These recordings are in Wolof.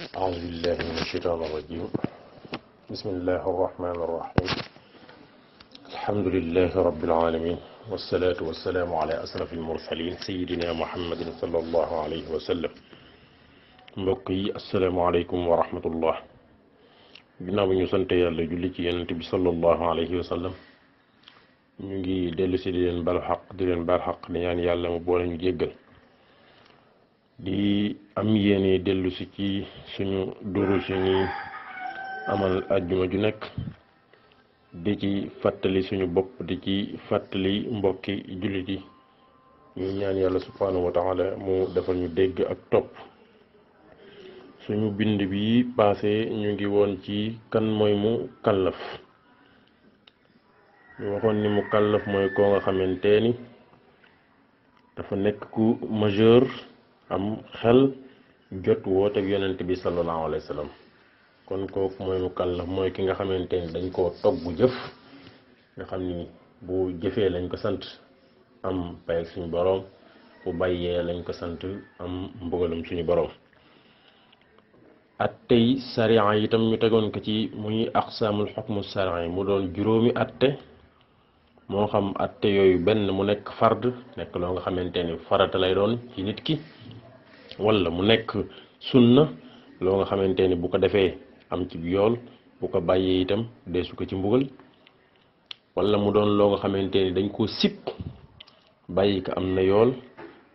أعوذ بالله من الشيطان الرجيم بسم الله الرحمن الرحيم الحمد لله رب العالمين والصلاة والسلام على أسرف المرسلين سيدنا محمد صلى الله عليه وسلم mbokki asalaamaaleykum wa rahmatullah ginnaaw bi ñu sant yàlla julli ci yonent bi sallallahu alayhi wa sallam ñu ngi dellu si di leen balu xaq di leen baal xaq di ñaan yàlla mu boole ñu jéggal di am yéene dellusi ci suñu durus yi ñuy amal àjjuma ju nekk di ci fàttali suñu bopp di ci fàttali mbokki jullit yi ñaan yàlla subhanahu wa taala mu defal ñu dégg ak topp suñu bind bi paase ñu ngi woon ci kan mooy mu kàllaf ñu waxoon ni mu kàllaf mooy koo nga xamante ni dafa nekk ku majeur am xel jot wooteeg yonent bi sallallahu alayhi wa kon kooku mooy mukallaf mooy ki nga xamante ni dañ koo togg jëf nga xam ni bu jëfee lañ ko sant am payal suñu boroom bu bàyyee lañ ko sant am mbugalum suñu boroom at tey sariya itam mu tegoon ko ci muy aqsaamul xukmu sariya mu doon juróomi atte moo xam atte yooyu benn mu nekk fard nekk loo nga xamante ni farata lay doon ci nit ki wala mu nekk sun na loo nga xamante ni bu ko defee am ci yool bu ko bàyyee itam deesu ko ci mbugal walla mu doon loo xamante ni dañ koo sip bàyyi am na yool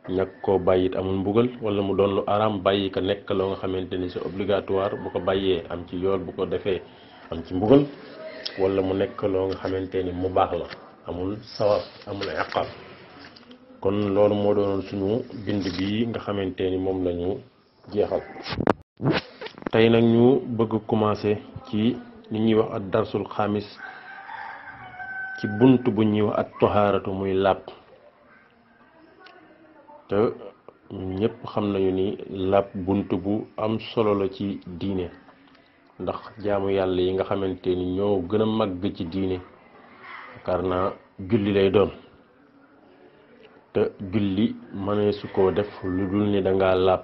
ñàkk koo bàyyi amul mbugal wala mu doon lu araam bàyyi ko nekk loo nga xamante ni c'est obligatoire bu ko bàyyee am ci yool bu ko defee am ci mbugal wala mu nekk loo nga xamante ni mu baax la amul sawab amul iqaab kon loolu moo doonoon suñu bind bi nga xamante ni moom la ñu jeexal tey nag ñu bëgg commencé ci li ñuy wax ak darsul xaamis ci bunt bu ñuy wax ak toxaaratu muy làpp te ñëpp xam nañu ni làpp bunt bu am solo la ci diine ndax jaamu yàlla yi nga xamante ni ñoo gën a màgg ci diine julli lay doon te julli mëneesu koo def lu dul ni danga laab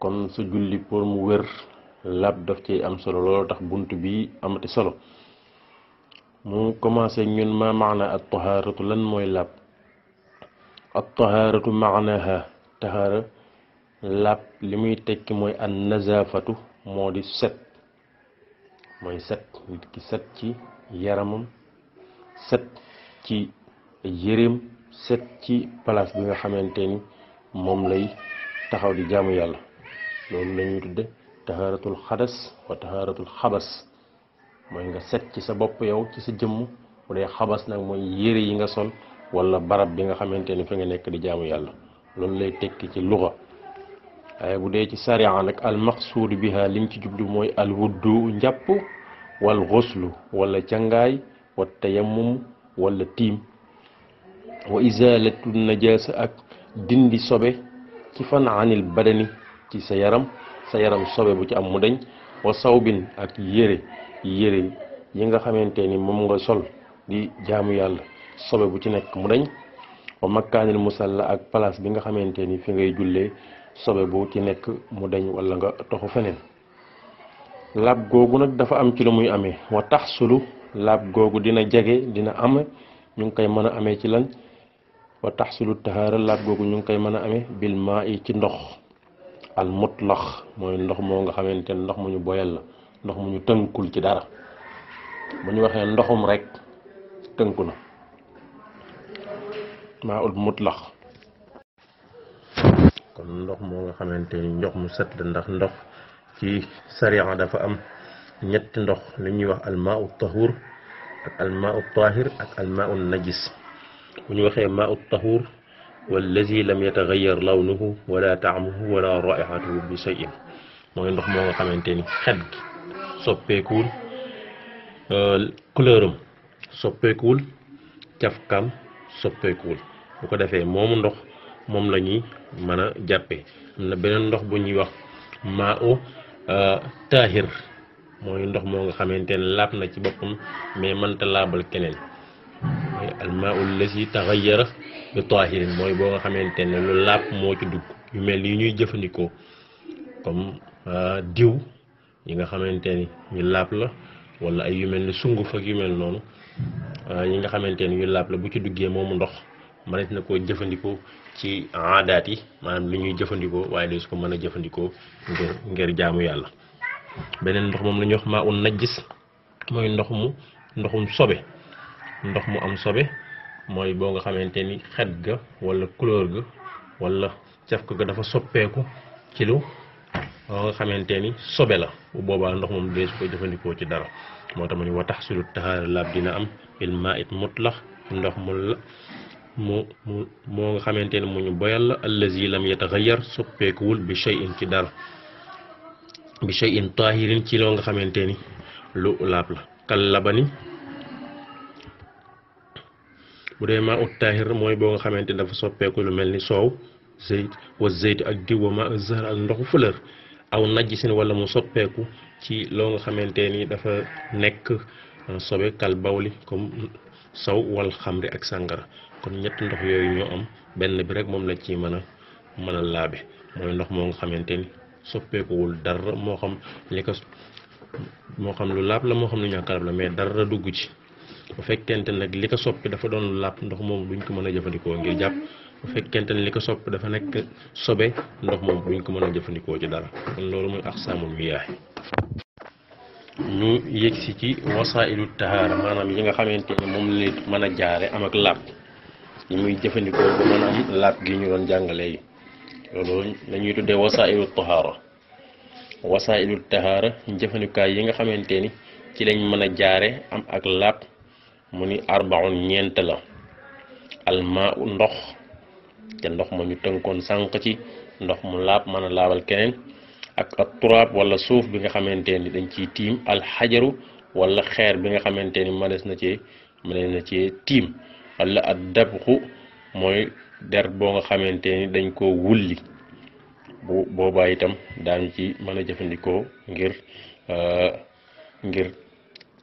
kon sa julli pour mu wér laab daf ci am solo loolu tax bunt bi amati solo mu commencé ñun ma maana at tahaaratu lan mooy laab at tahaaratu maanaha tahaara laab li muy tekki mooy an nazaafatu moo di set mooy set nit ki set ci yaramam set ci yéreem set ci place bi nga xamante ni moom lay taxaw di jaamu yàlla loolu la ñuy tudde tahaaratul xadas wa tahaaratul xabas mooy nga set ci sa bopp yow ci sa jëmm bu dee xabas nag mooy yére yi nga sol walla barab bi nga xamante ni fi nga nekk di jaamu yàlla loolu lay tekki ci luga waaye bu dee ci sariya nag al maqsuud biha lim ci jublu mooy al wuddu njàpp wal xoslu wala cangaay wa tayammum walla tiim wa izalatu najasa ak dindi sobe ci fan anil badani ci sa yaram sa yaram sobe bu ci am mu dañ wa sawbin ak yére yére yi nga xamante ni moom nga sol di jaamu yàlla sobe bu ci nekk mu dañ wa makkaanil musalla ak place bi nga xamante ni fi ngay jullee sobe bu ci nekk mu dañ wala nga toxu feneen laab googu nag dafa am ci lu muy amee wa tax sulu laab googu dina jege dina am ñu ngi koy mën a amee ci lan wa taxsilu tahaara laat googu ñu ngi koy mën a amee bil maa yi ci ndox al mutlax mooy ndox moo nga xamante ne ndox mu ñu boyal la ndox mu ñu tënkul ci dara bu ñu waxee ndoxum rek tënku na maa ul mutlax kon ndox moo nga xamante ni ndox mu set ndax ndox ci sariya dafa am ñetti ndox li ñuy wax almaa u tahur ak almaa u tahir ak almaa u najis ونوخي ماء الطهور والذي لم يتغير لونه ولا تعمه ولا رائحته بشيء مهم دخ موغا خامتيني خدك سوبيكول كولورم سوبيكول تفكام سوبيكول بوكو دافي موم ندخ موم لا ني مانا جابي امنا بنين ندخ بو ني واخ ماء طاهر موي ندخ موغا خامتيني لابنا سي بوبم مي مانتا لابل كينين almaau allazi taxayyara bi tahirin mooy boo nga xamante ne lu làpp mo ci dugg yu mel ni ñuy jëfandikoo comme ah, diw yi nga xamante ni ñu làpp la wala ay yu mel ni sunguf ak yu mel noonu ah, yi nga xamante ñu làpp la bu ci duggee moomu ndox mënees na koo jëfandikoo ci aadaat yi maanaam lu ñuy jëfandikoo waaye day su ko mën a ngir ngir jaamu yalla beneen ndox moom la ñuy wax maa un najis mooy ndox mu ndoxum sobe ndox mu am sobe mooy boo nga xamante ni xet ga wala couleur ga wala caf ga dafa soppeeku ci lu boo nga xamante ni sobe la bu boobaa ndox moom deesu ko jëfandikoo ci dara moo tax ma ni wa tax dina am il maa it ndox mu la mu mu moo nga xamante ni mu ñu boyal la allazi lam yataxayar soppeekuwul bi shay'in ci dara bi shay'in taahirin ci loo nga xamante ni lu laab la kal bu dee maa ut taahir mooy boo nga xamante ni dafa soppeeku lu mel ni soow zeyt wa zeyt ak diw ma ak ndoxu ak aw fleur aw najisin wala mu soppeeku ci loo nga xamante ni dafa nekk euh, sobe kal bawli comme saw wal xamri ak sàngara kon ñett ndox yooyu ñoo am benn bi rek moom la ci mën a mën a laabe mooy ndox moo nga xamante ni soppeekuwul dara moo xam li xam lu laab la moo xam lu ñàkk laab la mais dara dugg ci bu fekkente nag li ko soppi dafa doon làpp ndox moom duñ ko mën a jëfandikoo ngir jàpp bu fekkente ne li ko soppi dafa nekk sobe ndox moom duñ ko mën a jëfandikoo ci dara kon loolu mooy axsaamul miyaax ñu yëg si maanaam yi nga xamante ne moom la mën a jaare am ak làpp yi muy jëfandikoo ba mën am làpp gi ñu doon jàngale yi loolu la ñuy tuddee wasailu tahaara wasailu tahaara jëfandikaay yi nga xamante ni ci lañ mën a jaare am ak làpp mu ni arbaun ñeent la almaa u ndox te ndox ma ñu tënkoon sànq ci ndox mu laab mën a laabal keneen ak ak turaab wala suuf bi nga xamante ni dañ ciy tiim alxajaru wala xeer bi nga xamante ni mënees na cee mënees na cee tiim wala ak dabxu mooy der boo nga xamante ni dañ koo wulli bu boobaa itam daañu ci mën a jëfandikoo ngir euh, ngir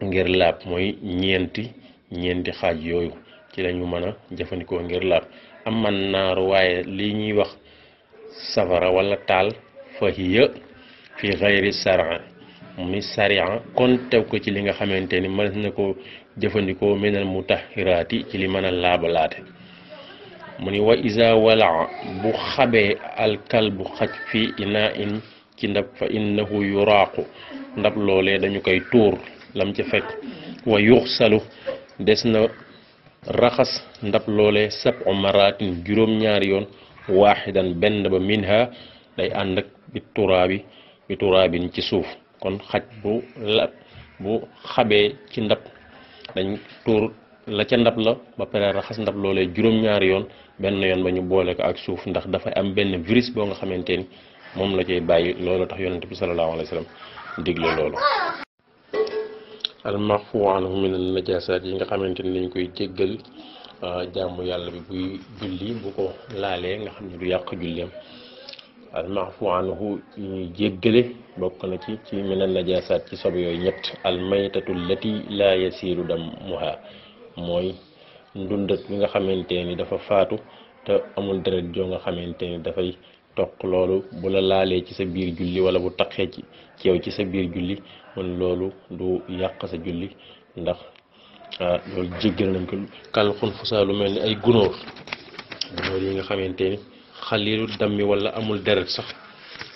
ngir laab mooy ñeenti ñeenti xaaj yooyu ci lañu mën a jëfandikoo ngir laab am man naaru waaye lii ñuy wax safara wala taal fa hiya fi xayri sara muy sarian kon tew ko ci li nga xamante ni mën na ko jëfandikoo minal mu tahiraati ci li mën a laabalaate mu ni wa isa walaa bu xabee alkal bu xaj fi inaa in ci ndab fa innahu yuraaqu ndab loolee dañu koy tuur lam ci fekk wa yuxsalu des na raxas ndab loole sabu maraatin juróom-ñaari yoon waaxidan benn ba minha day ànd ak bi turaabi bi turaabin ci suuf kon xaj bu la bu xabee ci ndab dañ tuur la ca ndab la ba pare raxas ndab loolee juróom-ñaari yoon benn yoon ba ñu boole ko ak suuf ndax dafay am benn virus boo nga xamante ni moom la cay bàyyi loolu tax yonent bi salallaahu alayhi wa sallam digle loolu almarfu anhu min al najasaat yi nga xamante ni dañ koy jéggal euh, jaamu yàlla bi buy julli bu ko laalee nga xam ne du yàq julleem almarfu anhu ñuy jéggale bokk na ci ci min al najasaat ci sobe yooyu ñett almaytatu lati la yasiiru damuha mooy ndundat bi nga xamante ni dafa faatu te amul deret joo nga xamante ni dafay toq loolu bu la laalee ci sa biir julli wala bu taqee ci ci ci sa biir julli man loolu du yàq sa julli ndax ah, loolu jéggal nañ ko lu mel ni ay gunóor gunóor yi nga xamante ni xalilu dammi wala amul deret sax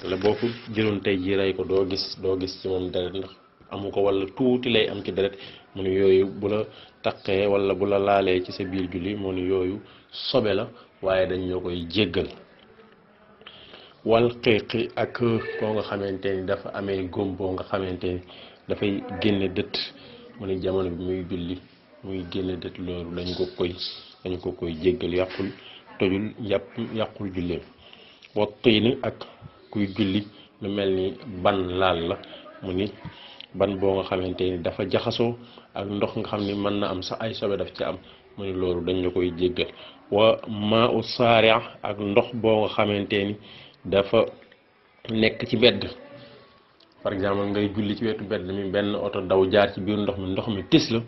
wala boo jëloon tey jii rey doo gis doo gis ci moom deret ndax amu ko wala tuuti lay am ci deret mu yooyu bu la taqee wala bu la laalee ci sa biir julli mu yooyu sobe la waaye dañ ñoo koy jéggal wal xiiqi ak koo nga xamante ni dafa amee góom boo nga xamante ni dafay génne dët mu ne jamono bi muy julli muy génne dët loolu dañ ko koy dañ ko koy jéggal yàqul tojul yàpp yàqul julleem wa tiini ak kuy julli lu mel ni ban laal la mu ni ban boo nga xamante ni dafa jaxasoo ak ndox nga xam ni mën na am sax ay sobe daf ci am mu ni loolu dañ koy jéggal wa maa u saaria ak ndox boo nga xamante ni dafa nekk ci bedd par exemple ngay julli ci wetu bedd mi benn oto daw jaar ci biir ndox mi ndox mi tis la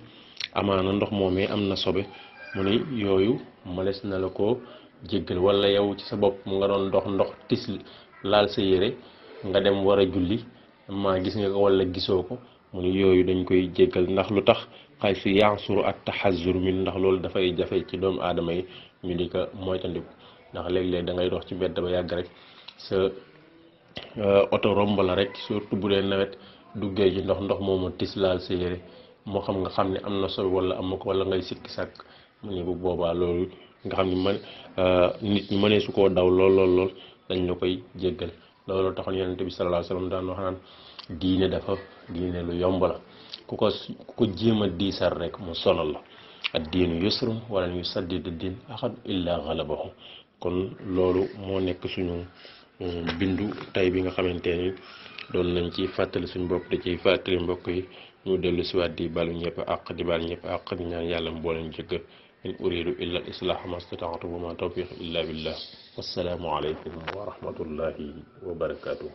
amaana ndox moomee am na sobe mu ni yooyu malees na la ko jéggal wala yow ci sa bopp mu nga doon dox ndox tis laal sa yére nga dem war a julli maa gis nga ko wala gisoo ko mu ni yooyu dañ koy jéggal ndax lu tax xay su yansuru ak taxazur mi ndax loolu dafay jafe ci doomu aadama yi ñu di ko moytandiku ndax léegi léeg da ngay dox ci bedd ba yàgg sa euh, oto romb la rek surtout bu dee nawet duggee ji ndox ndox moomu tis laal sa yére moo xam nga xam ne am na sobe wala amu ko wala ngay sikki sàkk mu ne bu boobaa loolu nga xam ne man euh, nit ñi mënee su koo daw lool lool lool dañ la koy jéggal loolu taxoon yonent bi sallallahu alayhi wasallam daan wax naan diine dafa diine lu yomb la ku ko ku ko jéem a diisar rek mu sonal la ad diinu yusrun wala yusaddid ad diin ahad illa galabahu kon loolu moo nekk suñu Euh, bindu tay bi nga xamante ni doon nañ ci fàttali suñu bopp da ciy fàttali mbokk yi ñu dellu siwaat di balu ñëpp aq di baal ñëpp àq di ñaan yàlla mboole ñu jëggal in uridu illa al islah ma stata'tu wa ma tawfiq illa billah wassalaamu aleykum wa rahmatullahi wa barakatuh